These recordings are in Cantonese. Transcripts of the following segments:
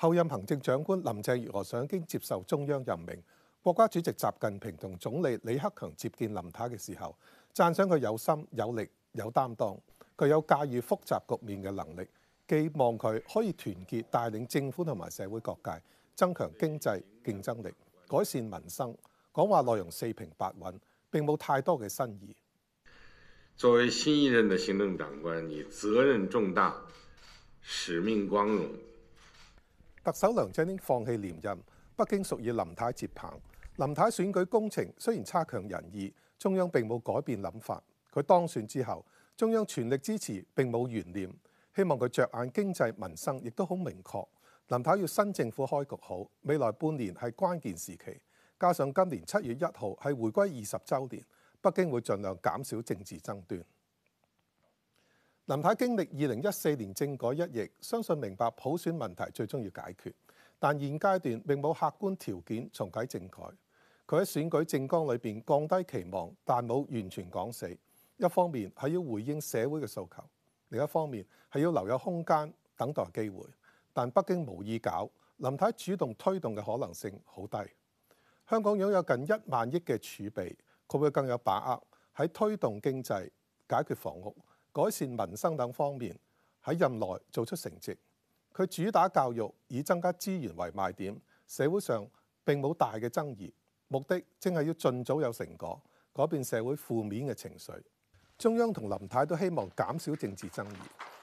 後任行政長官林鄭月娥上京接受中央任命，國家主席習近平同總理李克強接見林太嘅時候，贊賞佢有心有力有擔當，佢有駕馭複雜局面嘅能力，寄望佢可以團結帶領政府同埋社會各界，增強經濟競爭力，改善民生。講話內容四平八穩，並冇太多嘅新意。作為新一任嘅行政長官，你責任重大，使命光榮。特首梁振英放棄連任，北京屬意林太接棒。林太選舉工程雖然差強人意，中央並冇改變諗法。佢當選之後，中央全力支持並冇懸念，希望佢着眼經濟民生，亦都好明確。林太要新政府開局好，未來半年係關鍵時期，加上今年七月一號係回歸二十週年，北京會盡量減少政治爭端。林太經歷二零一四年政改一役，相信明白普選問題最終要解決，但現階段並冇客觀條件重啓政改。佢喺選舉政綱裏面降低期望，但冇完全講死。一方面係要回應社會嘅訴求，另一方面係要留有空間等待機會。但北京無意搞，林太主動推動嘅可能性好低。香港擁有近一萬億嘅儲備，佢會更有把握喺推動經濟解決房屋。改善民生等方面喺任內做出成績，佢主打教育以增加資源為賣點，社會上並冇大嘅爭議，目的正係要盡早有成果，改變社會負面嘅情緒。中央同林太都希望減少政治爭議，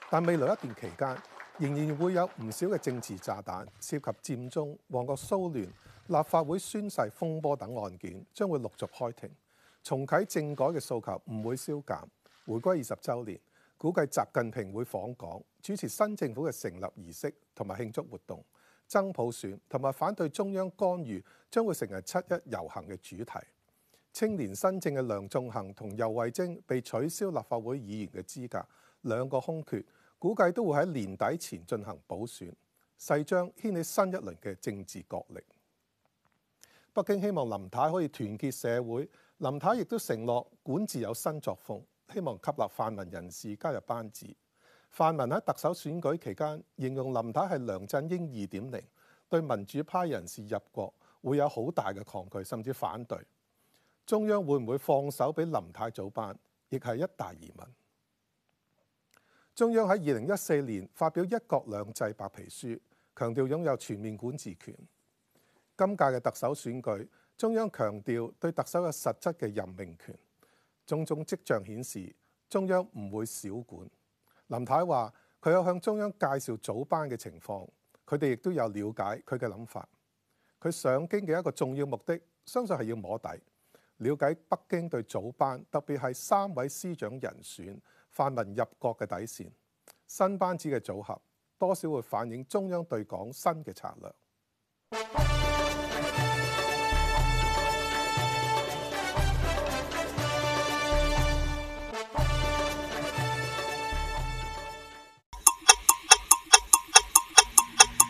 但未來一段期間仍然會有唔少嘅政治炸彈，涉及佔中、旺角騷亂、立法會宣誓風波等案件，將會陸續開庭。重啟政改嘅訴求唔會消減。回歸二十週年，估計習近平會訪港主持新政府嘅成立儀式同埋慶祝活動。爭普選同埋反對中央干預將會成為七一遊行嘅主題。青年新政嘅梁頌恆同游蕙禎被取消立法會議員嘅資格，兩個空缺估計都會喺年底前進行補選，勢將掀起新一輪嘅政治角力。北京希望林太可以團結社會，林太亦都承諾管治有新作風。希望吸納泛民人士加入班子。泛民喺特首選舉期間形容林太係梁振英二點零，對民主派人士入國會有好大嘅抗拒甚至反對。中央會唔會放手俾林太組班，亦係一大疑問。中央喺二零一四年發表一國兩制白皮書，強調擁有全面管治權。今屆嘅特首選舉，中央強調對特首有實質嘅任命權。種種跡象顯示中央唔會少管。林太話：佢有向中央介紹組班嘅情況，佢哋亦都有了解佢嘅諗法。佢上京嘅一個重要目的，相信係要摸底，了解北京對組班，特別係三位司長人選、泛民入國嘅底線，新班子嘅組合多少會反映中央對港新嘅策略。